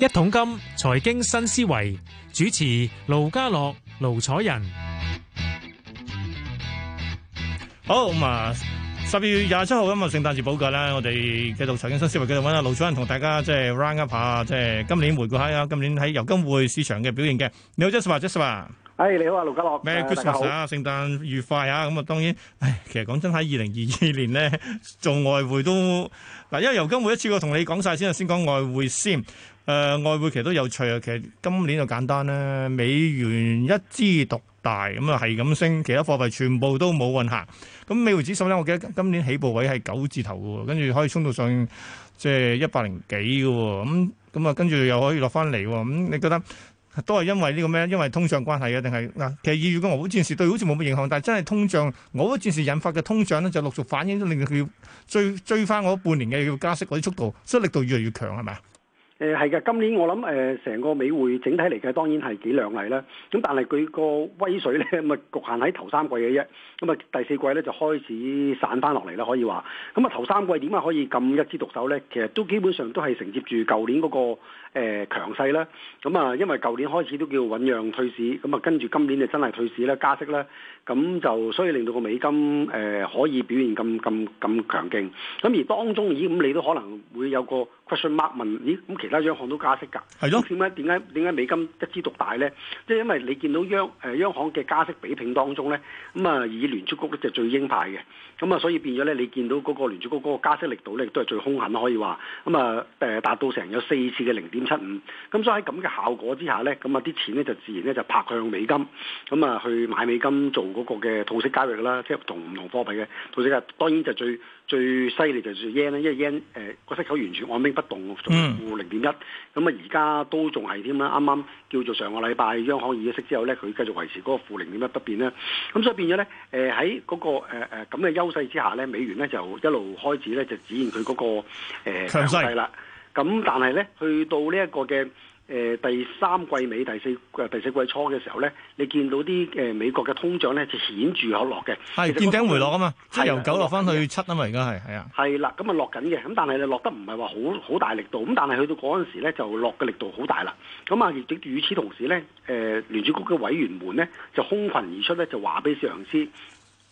一桶金財經新思維，主持盧家樂、盧楚仁。好，咁啊，十二月廿七號，咁啊，聖誕節補假啦。我哋繼續財經新思維，繼續揾阿盧楚仁同大家即係 round up 一下，即係今年回顧下今年喺油金匯市場嘅表現嘅。你好，Jesper，Jesper。Jesper, Jesper 哎，你好啊，盧家樂，咩 Christmas 啊，聖誕愉快啊！咁啊，當然，唉，其實講真喺二零二二年咧，做外匯都嗱，因為油金匯一次我同你講晒先啊，先講外匯先。誒、呃，外匯其實都有趣啊，其實今年就簡單啦，美元一枝獨大，咁啊係咁升，其他貨幣全部都冇運行。咁美匯指數咧，我記得，今年起步位係九字頭嘅，跟住可以衝到上即係一百零幾嘅，咁咁啊，跟住又可以落翻嚟。咁、嗯、你覺得？都係因為呢個咩？因為通脹關係啊，定係嗱？其實二月嘅俄烏戰事對好似冇乜影響，但係真係通脹，俄烏戰事引發嘅通脹咧，就陸續反映，都令佢要追追翻嗰半年嘅要加息嗰啲速度，所以力度越嚟越強，係咪啊？誒係嘅，今年我諗誒成個美匯整體嚟嘅當然係幾亮麗啦，咁但係佢個威水咧咁啊侷限喺頭三季嘅啫，咁、嗯、啊第四季咧就開始散翻落嚟啦，可以話，咁、嗯、啊頭三季點解可以咁一枝獨秀咧？其實都基本上都係承接住舊年嗰、那個誒強勢啦，咁、呃、啊、嗯、因為舊年開始都叫醞釀退市，咁啊跟住今年就真係退市啦，加息啦，咁、嗯、就所以令到個美金誒、呃、可以表現咁咁咁強勁，咁、嗯、而當中咦咁、嗯、你都可能會有個 question mark 問咦咁、嗯、其？其他央行都加息㗎，咁點解點解點解美金一枝獨大咧？即係因為你見到央誒央行嘅加息比拼當中咧，咁、嗯、啊以聯儲局咧就最鷹派嘅，咁、嗯、啊所以變咗咧，你見到嗰個聯儲局嗰個加息力度咧亦都係最兇狠，可以話，咁啊誒達到成有四次嘅零點七五，咁所以喺咁嘅效果之下咧，咁啊啲錢咧就自然咧就拍向美金，咁、嗯、啊去買美金做嗰個嘅套息交易啦，即、就、係、是、同唔同貨幣嘅套息嘅，當然就最。最犀利就係 yen 咧，因為 yen 誒、呃、個息口完全按兵不動，負零點一，咁啊而家都仲係添啦，啱啱叫做上個禮拜央行議息之後咧，佢繼續維持嗰個負零點一不變啦。咁、嗯、所以變咗咧誒喺嗰個誒咁嘅優勢之下咧，美元咧就一路開始咧就指現佢嗰、那個誒、呃、強勢啦，咁但係咧去到呢一個嘅。誒、呃、第三季尾第四第四季初嘅時候咧，你見到啲誒、呃、美國嘅通脹咧就顯著有落嘅，見頂回落啊嘛，即係由九落返去七啊嘛，而家係係啊，係啦，咁啊落緊嘅，咁但係你落得唔係話好好大力度，咁但係去到嗰陣時咧就落嘅力度好大啦，咁啊與此同時咧，誒、呃、聯儲局嘅委員們咧就空群而出咧就話俾上司，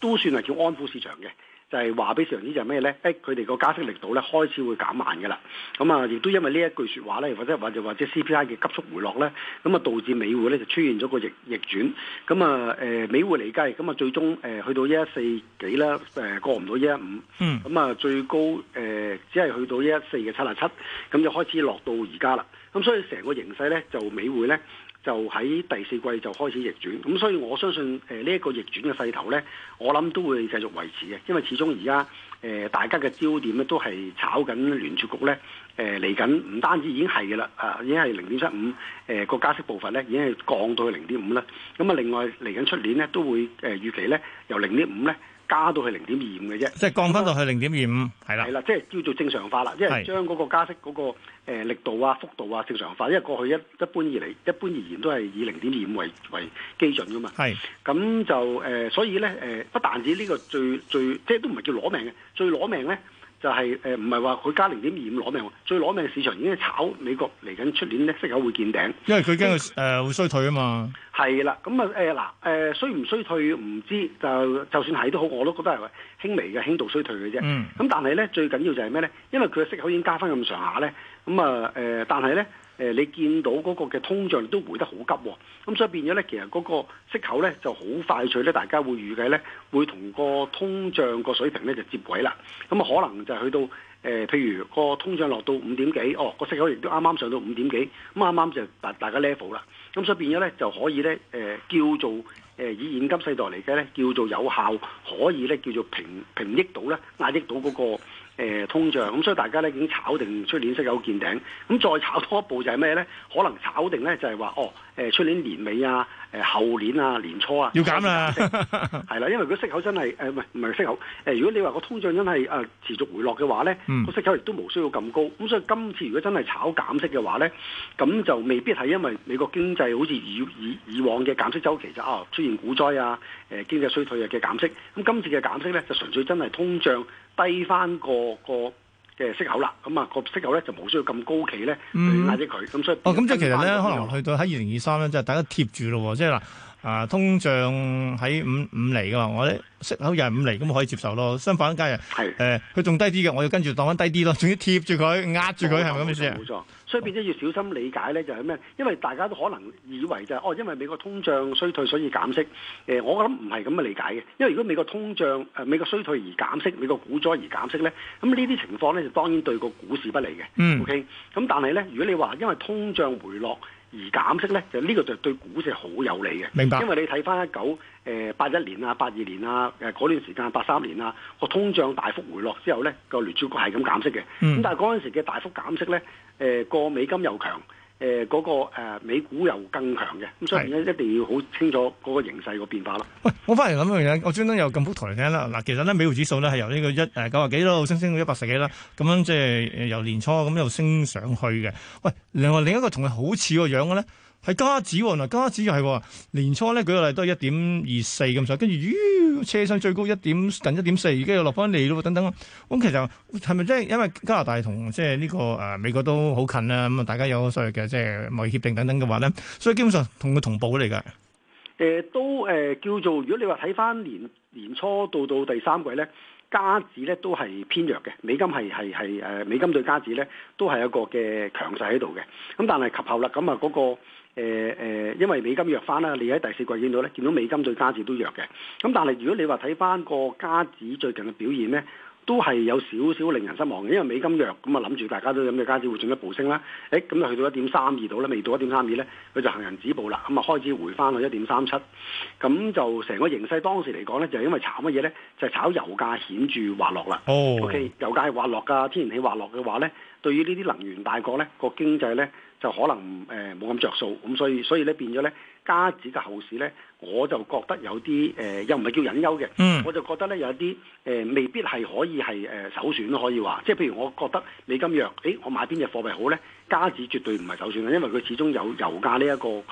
都算係叫安撫市場嘅。就係話俾市場知就咩咧？誒、欸，佢哋個加息力度咧開始會減慢嘅啦。咁啊，亦都因為呢一句説話咧，或者或者或者 CPI 嘅急速回落咧，咁啊導致美匯咧就出現咗個逆逆轉。咁啊誒，美匯嚟計，咁啊最終誒、呃、去到一一四幾啦，誒、呃、過唔到一一五。嗯。咁啊，最高誒、呃、只係去到一一四嘅七啊七，咁就開始落到而家啦。咁所以成個形勢咧，就美匯咧。就喺第四季就開始逆轉，咁所以我相信誒呢一個逆轉嘅勢頭呢，我諗都會繼續維持嘅，因為始終而家誒大家嘅焦點呢都係炒緊聯儲局呢。誒嚟緊，唔單止已經係嘅啦，啊已經係零點七五誒個加息步伐呢，已經係降到去零點五啦，咁啊另外嚟緊出年呢，都會誒預期呢，由零點五呢，加到去零點二五嘅啫，即係降翻到去零點二五，係啦了，係啦，即係叫做正常化啦，是即係將嗰個加息嗰個力度啊、幅度啊正常化，因為過去一一般而嚟，一般而言都係以零點二五為為基準噶嘛，係是，咁就誒、呃，所以咧誒、呃，不但止呢個最最，最，即係都唔係叫攞命嘅，最攞命咧。就係、是、誒，唔係話佢加零點二五攞命，最攞命嘅市場已經係炒美國，嚟緊出年咧息口會見頂，因為佢驚佢誒會衰退啊嘛。係啦，咁啊誒嗱誒，衰唔衰退唔知，就就算係都好，我都覺得係輕微嘅輕度衰退嘅啫。咁、嗯嗯、但係咧最緊要就係咩咧？因為佢嘅息口已經加翻咁上下咧，咁啊誒，但係咧。誒、呃，你見到嗰個嘅通脹都回得好急、哦，咁、嗯、所以變咗咧，其實嗰個息口咧就好快脆咧，大家會預計咧會同個通脹個水平咧就接軌啦。咁、嗯、啊，可能就去到誒、呃，譬如個通脹落到五點幾，哦，個息口亦都啱啱上到五點幾，咁啱啱就達大家 level 啦。咁、嗯、所以變咗咧就可以咧誒、呃、叫做誒、呃、以現今世代嚟計咧叫做有效，可以咧叫做平平抑到咧壓抑到嗰、那個。誒通脹，咁所以大家咧已經炒定出年息口見頂，咁再炒多一步就係咩咧？可能炒定咧就係話，哦，誒出年年尾啊，誒後年啊，年初啊，要減啦色，係啦， 因為如果息口真係誒唔係唔係息口，誒、呃、如果你話個通脹真係啊持續回落嘅話咧，個、嗯、息口亦都冇需要咁高，咁所以今次如果真係炒減息嘅話咧，咁就未必係因為美國經濟好似以以以往嘅減息周期就啊出現股災啊。誒，經濟衰退嘅減息，咁今次嘅減息咧，就純粹真係通脹低翻個個嘅息口啦，咁啊個息口咧、那個、就冇需要咁高企咧，壓抑佢，咁所以哦，咁以、哦、即係其實咧，可能去到喺二零二三咧，即係大家貼住咯，即係嗱。啊，通脹喺五五釐嘅話，我咧息口又係五釐，咁可以接受咯。相反，假如係誒佢仲低啲嘅，我要跟住當翻低啲咯，仲要貼住佢壓住佢係咪咁意思？冇錯。所以變咗要小心理解咧，就係咩？因為大家都可能以為就係、是、哦，因為美國通脹衰退所以減息。誒、呃，我諗唔係咁嘅理解嘅，因為如果美國通脹誒、呃、美國衰退而減息，美國股災而減息咧，咁呢啲情況咧就當然對個股市不利嘅。嗯。O K。咁但係咧，如果你話因為通脹回落，而減息咧，就、這、呢個就對股市好有利嘅。明白，因為你睇返一九誒八一年啊、八二年啊、誒嗰段時間、八三年啊，個通脹大幅回落之後咧，呢個聯儲局係咁減息嘅。咁、嗯、但係嗰陣時嘅大幅減息咧，誒、呃、個美金又強。誒，嗰、呃那個誒、呃、美股又更強嘅，咁所以咧一定要好清楚嗰個形勢個變化啦。喂，我翻嚟諗樣嘢，我專登又咁幅圖嚟睇啦。嗱，其實咧美股指數咧係由呢個一誒九十幾度升升到一百十幾啦，咁樣即、就、係、是呃、由年初咁又升上去嘅。喂，另外另一個同佢好似個樣嘅咧。係加紙喎、哦，嗱加紙又係、哦，年初咧舉個例都係一點二四咁上下，跟住咦，車身最高一點近一點四，而家又落翻嚟咯，等等。咁其實係咪真係因為加拿大同即係呢個誒美國都好近啊？咁啊，大家有所謂嘅即係貿易協定等等嘅話咧，所以基本上同佢同步嚟㗎。誒、呃，都誒、呃、叫做，如果你話睇翻年年初到到第三季咧，加紙咧都係偏弱嘅，美金係係係誒，美金對加紙咧都係一個嘅強勢喺度嘅。咁但係及後啦，咁啊嗰個。誒誒、呃，因為美金弱翻啦，你喺第四季見到咧，見到美金對加紙都弱嘅。咁但係如果你話睇翻個加紙最近嘅表現咧，都係有少少令人失望嘅，因為美金弱，咁啊諗住大家都諗嘅加紙會進一步升啦。誒、哎，咁就去到一點三二度啦，未到一點三二咧，佢就行人止步啦，咁啊開始回翻去一點三七。咁就成個形勢當時嚟講咧，就係因為炒乜嘢咧？就係、是、炒油價顯著滑落啦。哦、oh.，OK，油價滑落㗎，天然氣滑落嘅話咧，對於呢啲能源大國咧，個經濟咧。就可能誒冇咁着數，咁、呃啊、所以所以咧變咗咧，加紙嘅後市咧，我就覺得有啲誒、呃、又唔係叫隱憂嘅，我就覺得咧有啲誒、呃、未必係可以係誒、呃、首選可以話，即係譬如我覺得美金弱，誒、欸、我買邊隻貨幣好咧？加紙絕對唔係首選啦，因為佢始終有油價呢、這、一個。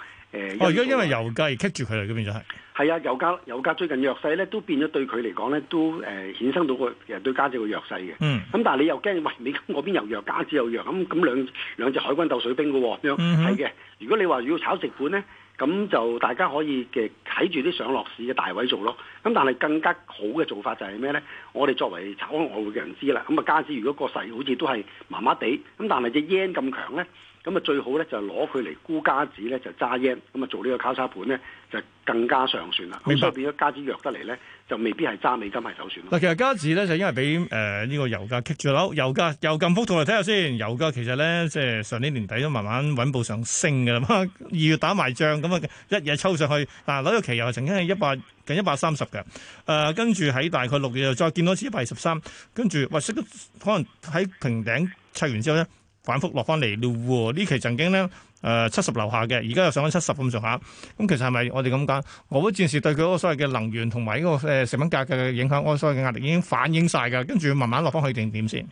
哦，而家因為油價而棘住佢嚟嘅，變咗係。係啊，油價油價最近弱勢咧，都變咗對佢嚟講咧，都誒衍生到個其實對加紙嘅弱勢嘅。嗯。咁但係你又驚，喂、嗯，美金嗰邊又弱，加紙又弱，咁咁兩兩隻海軍鬥水兵嘅喎，咁樣係嘅。如果你話要炒食股咧，咁就大家可以嘅睇住啲上落市嘅大位做咯。咁但係更加好嘅做法就係咩咧？我哋作為炒外匯嘅人知啦，咁啊加紙如果個勢好似都係麻麻地，咁但係隻 yen 咁強咧，咁啊最好咧就攞佢嚟沽加紙咧就揸 yen，咁啊做呢個交叉盤咧就更加上算啦。咁白所以變咗加紙弱得嚟咧，就未必係揸美金係走算。嗱，其實加紙咧就因為俾誒呢個油價棘住樓，油價又咁幅圖嚟睇下先，油價其實咧即係上年年底都慢慢穩步上升嘅啦， 二月打埋仗咁啊，一夜抽上去，嗱，紐約期油曾經係一百。近一百三十嘅，誒跟住喺大概六月又再見多次一百二十三，跟住喂，升得可能喺平頂砌完之後咧，反覆落翻嚟喎。期呢期曾經咧誒七十樓下嘅，而家又上翻七十咁上下。咁、嗯、其實係咪我哋咁講？俄烏戰事對佢嗰個所謂嘅能源同埋呢個誒食品價格嘅影響，嗰所謂嘅壓力已經反映晒㗎。跟住慢慢落翻去，定點先？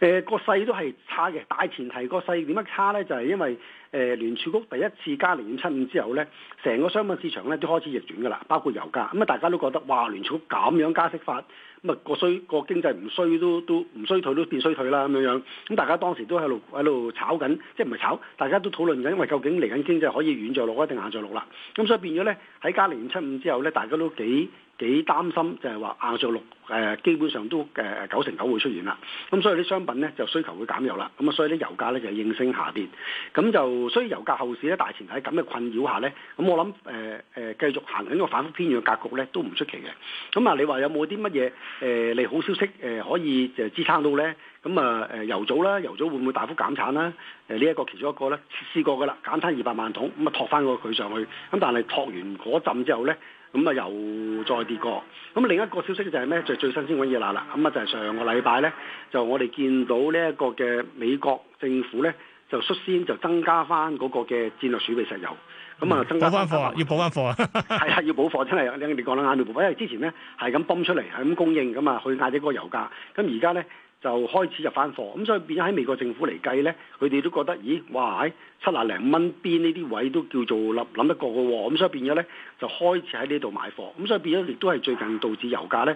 誒、呃、個勢都係差嘅，大前提個勢點樣差呢？就係、是、因為誒、呃、聯儲局第一次加零點七五之後呢，成個商品市場呢都開始逆轉㗎啦，包括油價。咁、嗯、啊，大家都覺得哇，聯儲局咁樣加息法，咁、那、啊個衰個經濟唔衰都都唔衰退都變衰退啦咁樣樣。咁、嗯、大家當時都喺度喺度炒緊，即係唔係炒？大家都討論緊，因為究竟嚟緊經濟可以軟著陸一定硬著陸啦？咁、嗯、所以變咗呢，喺加零點七五之後呢，大家都幾幾擔心就係話硬著陸誒，基本上都誒九成九會出現啦。咁所以啲商品咧就需求會減弱啦。咁啊，所以啲油價咧就應聲下跌。咁就所以油價後市咧，大前提咁嘅困擾下咧，咁我諗誒誒繼續行喺個反覆偏弱嘅格局咧，都唔出奇嘅。咁啊，你話有冇啲乜嘢誒利好消息誒可以就支撐到咧？咁啊誒油組啦，油組會唔會大幅減產啦？誒呢一個其中一個咧試過噶啦，減產二百萬桶咁啊，托翻個佢上去。咁但係托完嗰陣之後咧。咁啊，又再跌過。咁另一個消息就係咩？就係最新鮮嗰嘢啦啦。咁啊，就係上個禮拜咧，就我哋見到呢一個嘅美國政府咧，就率先就增加翻嗰個嘅戰略儲備石油。咁啊，增加翻貨，要補翻貨 啊！係係要補貨真係。你你講得啱啲冇，因為之前咧係咁泵出嚟，係咁供應，咁啊去壓低嗰個油價。咁而家咧就開始就翻貨。咁所以變咗喺美國政府嚟計咧，佢哋都覺得，咦，哇七啊零蚊邊呢啲位都叫做諗諗得過嘅喎，咁所以變咗咧就開始喺呢度買貨，咁所以變咗亦都係最近導致油價咧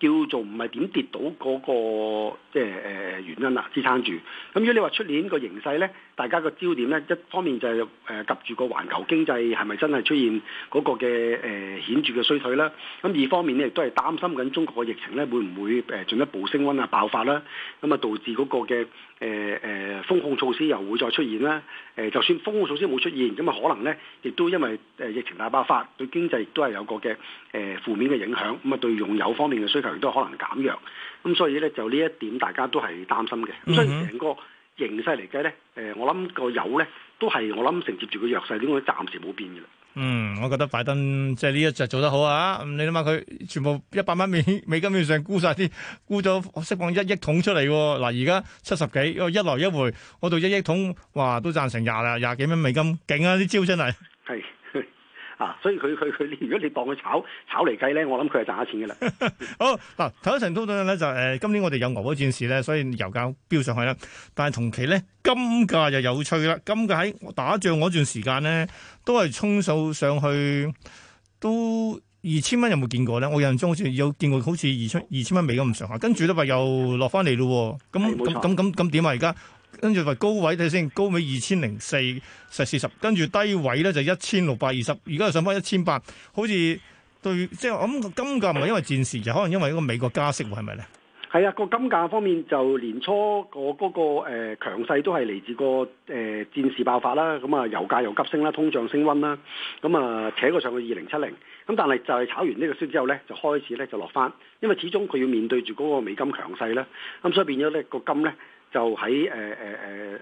叫做唔係點跌到嗰、那個即係誒原因啦、啊，支撐住。咁、呃、如果你話出年個形勢咧，大家個焦點咧一方面就係誒及住個環球經濟係咪真係出現嗰個嘅誒、呃、顯著嘅衰退啦，咁二方面咧亦都係擔心緊中國嘅疫情咧會唔會誒進一步升溫啊爆發啦，咁啊導致嗰個嘅。誒誒、呃，封控措施又會再出現啦。誒、呃，就算封控措施冇出現，咁啊可能咧，亦都因為誒疫情大爆發，對經濟亦都係有個嘅誒負面嘅影響。咁啊，對用油方面嘅需求亦都可能減弱。咁所以咧，就呢一點大家都係擔心嘅。咁所以成個形勢嚟計咧，誒、呃，我諗個油咧都係我諗承接住個弱勢，呢個暫時冇變嘅。嗯，我覺得拜登即係呢一隻做得好啊！你諗下佢全部一百蚊美美金以上沽晒啲，沽咗釋放一億桶出嚟喎。嗱、啊，而家七十幾，一來一回我度一億桶，哇，都賺成廿啦，廿幾蚊美金，勁啊！啲招真係。啊！所以佢佢佢，如果你當佢炒炒嚟計咧，我諗佢係賺咗錢嘅啦。 好嗱，頭一層討論咧就誒、呃，今年我哋有俄國戰事咧，所以油價飆上去啦。但係同期咧，金價又有趣啦。金價喺打仗嗰段時間咧，都係沖數上去，都二千蚊有冇見過咧？我印象中好似有見過，好似二,二千二千蚊尾咁上下。跟住咧，咪又落翻嚟咯。咁咁咁咁咁點啊？而家？跟住咪高位睇先，高位二千零四十四十，跟住低位咧就一千六百二十，而家上翻一千八，好似對即係我諗個金價唔係因為戰事，就、嗯、可能因為一個美國加息喎係咪咧？係啊，個金價方面就年初、那個嗰、那個誒強勢都係嚟自個誒、呃、戰事爆發啦，咁啊油價又急升啦、啊，通脹升温啦，咁啊扯過上去二零七零，咁但係就係炒完呢個先之後咧，就開始咧就落翻，因為始終佢要面對住嗰個美金強勢啦。咁、啊、所以變咗呢個金咧。就喺誒誒誒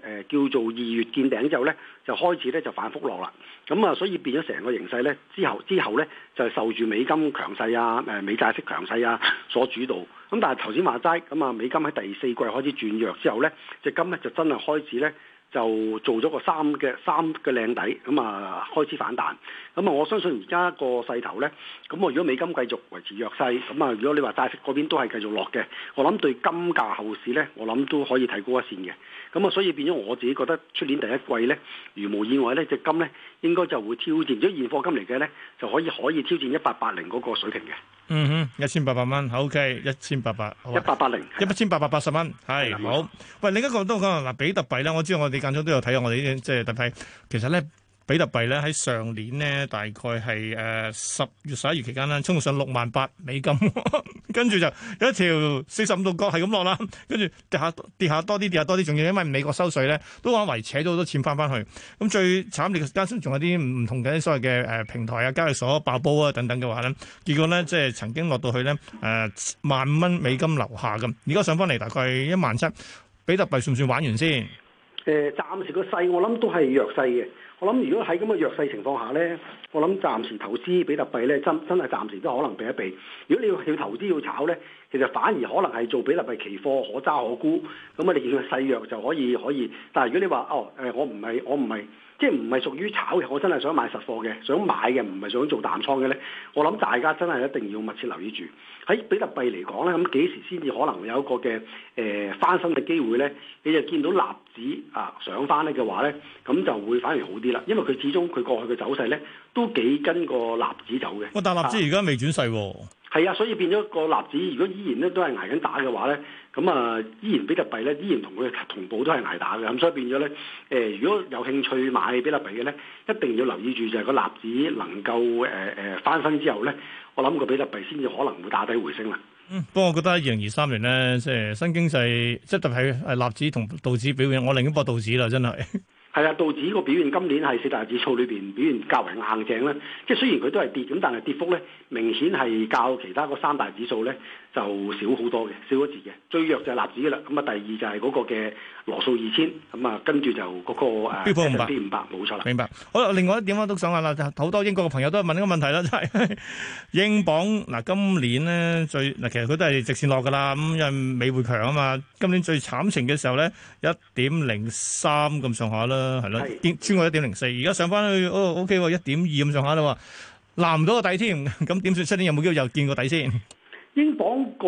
誒叫做二月見頂之後咧，就開始咧就反覆落啦。咁啊，所以變咗成個形勢咧，之後之後咧就係受住美金強勢啊、誒美債息強勢啊所主導。咁但係頭先話齋，咁啊美金喺第四季開始轉弱之後咧，隻金咧就真係開始咧。就做咗個三嘅三嘅靚底，咁啊開始反彈，咁啊我相信而家個勢頭呢，咁我如果美金繼續維持弱勢，咁啊如果你話債息嗰邊都係繼續落嘅，我諗對金價後市呢，我諗都可以睇高一線嘅，咁啊所以變咗我自己覺得出年第一季呢，如無意外呢，隻金呢應該就會挑戰，如果現貨金嚟嘅呢，就可以可以挑戰一八八零嗰個水平嘅。嗯哼，一千八百蚊，OK，一千八百，一百八零，一千八百八十蚊，係的好。喂，另一個都講嗱，比特幣咧，我知道我哋間中都有睇我哋呢啲即係比特幣，其實咧。比特幣咧喺上年咧，大概係誒十月十一月期間咧，衝上六萬八美金， 跟住就有一條四十五度角係咁落啦，跟住跌下跌下，下，下多啲，跌下多啲，仲要因為美國收稅咧，都話為扯咗好多錢翻翻去。咁最慘嘅時先，仲有啲唔同嘅所謂嘅誒平台啊、交易所爆煲啊等等嘅話咧，結果咧即係曾經落到去咧誒萬五蚊美金樓下咁，而家上翻嚟大概一萬七。比特幣算唔算玩完先？誒、呃，暫時個勢我諗都係弱勢嘅。我諗如果喺咁嘅弱勢情況下呢，我諗暫時投資比特幣呢，真真係暫時都可能避一避。如果你要要投資要炒呢，其實反而可能係做比特幣期貨可揸可沽。咁啊，你見佢細弱就可以可以。但係如果你話哦誒，我唔係我唔係。即係唔係屬於炒嘅，我真係想買實貨嘅，想買嘅唔係想做淡倉嘅呢。我諗大家真係一定要密切留意住喺比特幣嚟講呢，咁幾時先至可能會有一個嘅誒、呃、翻身嘅機會呢？你就見到納指啊上翻咧嘅話呢，咁就會反而好啲啦，因為佢始終佢過去嘅走勢呢都幾跟個納指走嘅、哦。但係納指而家未轉勢喎。係啊，所以變咗個納指，如果依然咧都係挨緊打嘅話咧，咁啊依然比特幣咧依然同佢同步都係挨打嘅，咁所以變咗咧誒，如果有興趣買比特幣嘅咧，一定要留意住就係個納指能夠誒誒翻身之後咧，我諗個比特幣先至可能會打底回升啦。嗯，不過我覺得二零二三年咧，即係新經濟，即係特別係誒納指同道指表現，我寧願搏道指啦，真係。 係啊，道指個表現今年係四大指數裏邊表現較為硬淨啦。即係雖然佢都係跌，咁但係跌幅咧明顯係較其他個三大指數咧就少好多嘅，少咗字嘅。最弱就係納指啦。咁啊，第二就係嗰個嘅羅素二千。咁啊，跟住就嗰個誒標普五百，五百冇錯啦。明白。好啦，另外一點我都想下啦，好多英國嘅朋友都係問呢個問題啦，就係、是、英鎊嗱，今年呢，最嗱，其實佢都係直線落㗎啦。咁因為美匯強啊嘛，今年最慘情嘅時候咧，一點零三咁上下啦。係咯，穿穿過一點零四，而家上翻去哦，OK，一點二咁上下啦嘛，拿唔到個底添，咁點算？七點有冇機會又見個底先？英鎊個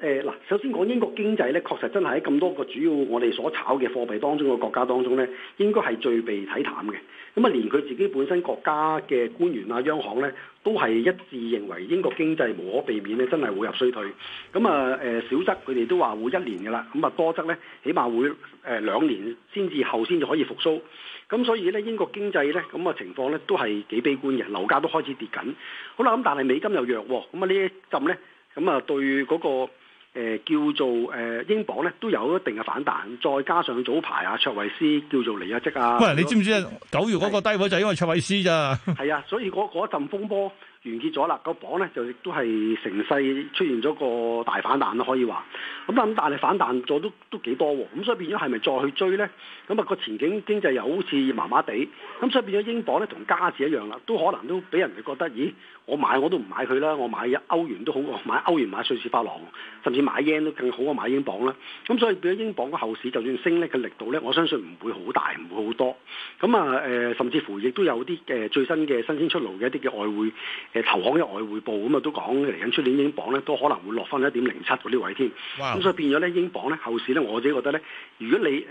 誒嗱，首先講英國經濟咧，確實真係喺咁多個主要我哋所炒嘅貨幣當中嘅國家當中咧，應該係最被睇淡嘅。咁啊，連佢自己本身國家嘅官員啊、央行咧，都係一致認為英國經濟無可避免咧，真係會入衰退。咁啊誒，少則佢哋都話會一年噶啦，咁啊多則咧，起碼會誒兩年先至後先至可以復甦。咁所以咧，英國經濟咧咁啊情況咧都係幾悲觀嘅，樓價都開始跌緊。好啦，咁但係美金又弱喎，咁啊呢一陣咧～咁啊、嗯，對嗰、那個、呃、叫做誒、呃、英鎊咧，都有一定嘅反彈。再加上早排啊，卓維斯叫做離啊職啊，喂，你知唔知啊？九月嗰個低位的就因為卓維斯咋？係啊，所以嗰嗰陣風波。完結咗啦，個鎊咧就亦都係成世出現咗個大反彈咯，可以話。咁啊咁，但係反彈咗都都幾多喎？咁所以變咗係咪再去追咧？咁、那、啊個前景經濟又好似麻麻地，咁所以變咗英鎊咧同加字一樣啦，都可能都俾人哋覺得，咦？我買我都唔買佢啦，我買歐元都好過買歐元買瑞士法郎，甚至買 yen 都更好過買英鎊啦。咁所以變咗英鎊個後市就算升咧嘅力度咧，我相信唔會好大，唔會好多。咁啊誒，甚至乎亦都有啲誒最新嘅新鮮出爐嘅一啲嘅外匯。誒、呃、投行嘅外匯報咁啊，都講嚟緊出年英鎊咧，都可能會落翻一點零七嗰啲位添。咁 Wow. 所以變咗咧，英鎊咧後市咧，我自己覺得咧，如果你誒誒誒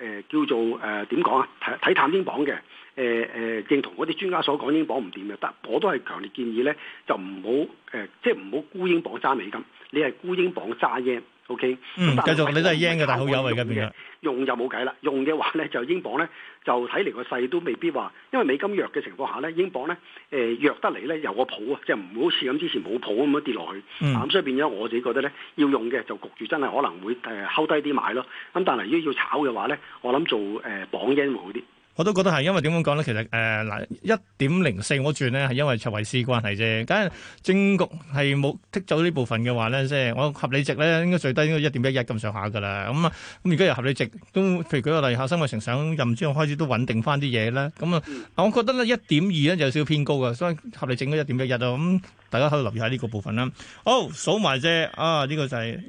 誒誒叫做誒點講啊，睇、呃、睇淡英鎊嘅誒誒正同嗰啲專家所講英鎊唔掂嘅，但我都係強烈建議咧，就唔好誒，即係唔好沽英鎊揸美金，你係沽英鎊揸嘢。O Okay ? K，嗯，是繼續，是你都係應嘅，但好有惠嘅，用就冇計啦，用嘅話咧就英鎊咧就睇嚟個勢都未必話，因為美金弱嘅情況下咧，英鎊咧誒、呃、弱得嚟咧有個譜啊，即係唔會好似咁之前冇譜咁樣跌落去，咁所以變咗我自己覺得咧要用嘅就焗住真係可能會誒拋、呃、低啲買咯，咁但係如果要炒嘅話咧，我諗做誒、呃、鎊英會好啲。我都覺得係，因為點樣講咧？其實誒嗱，一點零四我轉咧係因為卓慧思關係啫。梗係，政局係冇剔走呢部分嘅話咧，即係我合理值咧應該最低應該一點一一咁上下㗎啦。咁啊咁而家又合理值都，譬如舉個例下辛偉誠上任之後開始都穩定翻啲嘢啦。咁、嗯、啊，我覺得咧一點二咧就有少少偏高嘅，所以合理值多一點一一啊。咁、嗯、大家喺度留意下呢個部分啦。好，數埋啫。啊，呢、這個就係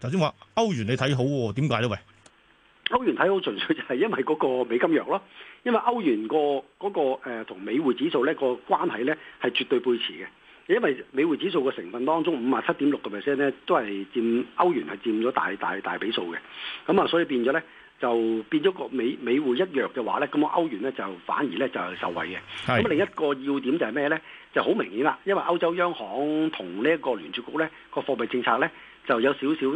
頭先話歐元你睇好，點解咧？喂？歐元睇好純粹就係因為嗰個美金弱咯，因為歐元個嗰個誒同美匯指數咧個關係咧係絕對背馳嘅，因為美匯指數個成分當中五十七點六個 percent 咧都係佔歐元係佔咗大大大比數嘅，咁啊所以變咗咧就變咗個美美匯一弱嘅話咧，咁啊歐元咧就反而咧就受惠嘅。咁是另一個要點就係咩咧？就好明顯啦，因為歐洲央行同呢一個聯儲局咧個貨幣政策咧。就有少少誒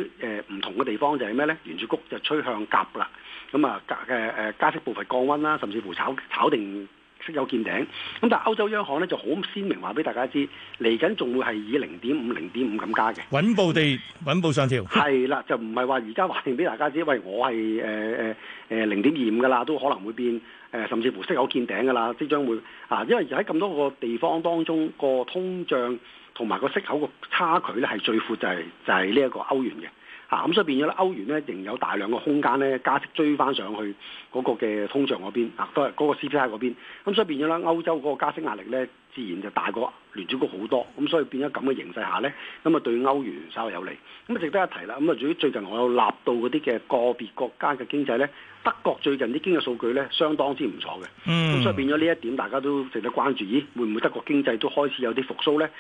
唔同嘅地方，就係咩咧？圓柱谷就趨向甲啦，咁啊夾誒誒加息步伐降溫啦，甚至乎炒炒定。息有見頂，咁但係歐洲央行咧就好鮮明話俾大家知，嚟緊仲會係以零點五、零點五咁加嘅，穩步地穩步上調係啦，就唔係話而家話定俾大家知，喂我係誒誒誒零點二五㗎啦，都可能會變誒、呃，甚至乎息口見頂㗎啦，即將會啊，因為喺咁多個地方當中，個通脹同埋個息口個差距咧係最闊、就係，就係就係呢一個歐元嘅。啊，咁所以變咗咧，歐元咧仍有大量嘅空間咧，加息追翻上去嗰個嘅通脹嗰邊，啊都係嗰個 CPI 嗰邊。咁、啊、所以變咗咧，歐洲嗰個加息壓力咧，自然就大過聯儲局好多。咁、啊、所以變咗咁嘅形勢下咧，咁啊對歐元稍為有利。咁啊值得一提啦。咁啊，至於最近我有納到嗰啲嘅個別國家嘅經濟咧。德國最近啲經濟數據咧，相當之唔錯嘅，咁、嗯、所以變咗呢一點，大家都值得關注。咦，會唔會德國經濟都開始有啲復甦咧？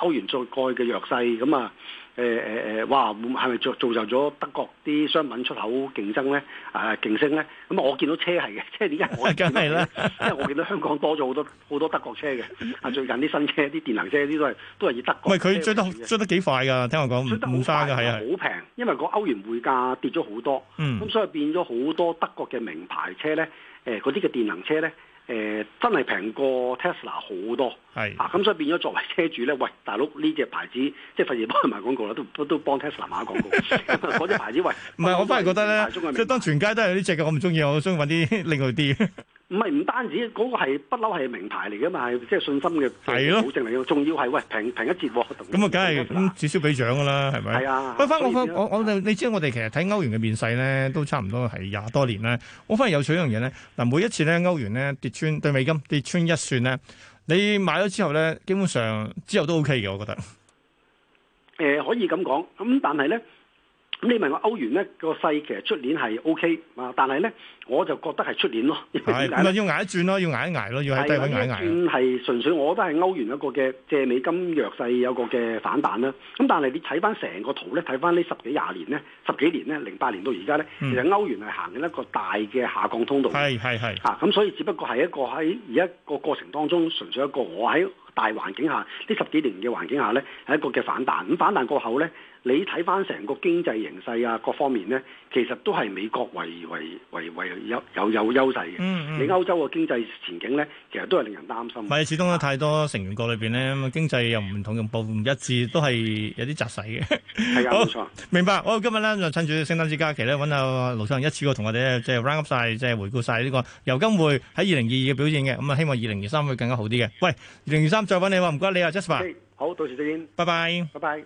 歐元再蓋嘅弱勢，咁啊，誒誒誒，哇，係咪造造就咗德國啲商品出口競爭咧？啊，勁升咧？咁我見到車係嘅，即係點解？梗係啦，因為我見到香港多咗好多好多德國車嘅，啊，最近啲新車、啲電能車，啲都係都係以德國車車。喂，佢追得追得幾快㗎？聽我講，得唔差㗎，係啊、嗯，好平，的因為個歐元匯價跌咗好多，咁、嗯、所以變咗好多德。個嘅名牌車咧，誒嗰啲嘅電能車咧，誒、呃、真係平過 Tesla 好多，係是啊，咁、嗯、所以變咗作為車主咧，喂，大佬，呢隻牌子，即係費事幫佢賣廣告啦，都都都幫 Tesla 賣廣告，嗰隻 牌子喂，唔係是作為 我反而覺得咧，即係當全街都係呢隻嘅，我唔中意，我想揾啲另外啲。 唔係唔單止嗰、嗰個係不嬲係名牌嚟噶嘛，即係信心嘅保證嚟嘅，仲要係喂平平一折喎，咁啊梗係咁至少俾獎噶啦，係咪？係啊！喂，翻、嗯、我、嗯、我我我、嗯、你知道我哋其實睇歐元嘅面世咧，都差唔多係廿多年咧。我反而有取一樣嘢咧，嗱每一次咧歐元咧跌穿對美金跌穿一算咧，你買咗之後咧，基本上之後都 OK 嘅，我覺得。誒、呃，可以咁講，咁但係咧。咁你問我歐元咧個勢其實出年係 O K 啊，但係咧我就覺得係出年咯，唔係的要捱一轉咯，要捱一捱咯，要喺低位捱一捱，一捱。係，呢一轉係純粹我都係歐元一個嘅借美金弱勢有個嘅反彈啦。咁但係你睇翻成個圖咧，睇翻呢十幾廿年咧，十幾年咧，零八年到而家咧，嗯、其實歐元係行緊一個大嘅下降通道。係係係。啊，咁所以只不過係一個喺而家個過程當中，純粹一個我喺大環境下呢十幾年嘅環境下咧，係一個嘅反彈。咁反彈過後咧。你睇返成個經濟形勢啊，各方面咧，其實都係美國為為為為有有有優勢嘅。嗯嗯。你歐洲嘅經濟前景咧，其實都係令人擔心。唔係，始終咧太多成員國裏邊咧，經濟又唔同步，唔一致，都係有啲窒滯嘅。係啊，冇錯。明白。我今日咧就趁住聖誕節假期咧，揾阿盧楚仁一次過同我哋即係 round up 曬，即係回顧曬呢個油金匯喺二零二二嘅表現嘅。咁啊，希望二零二三會更加好啲嘅。喂，二零二三再揾你喎，唔該你啊，Jasper。好，到時再見。拜拜。拜拜。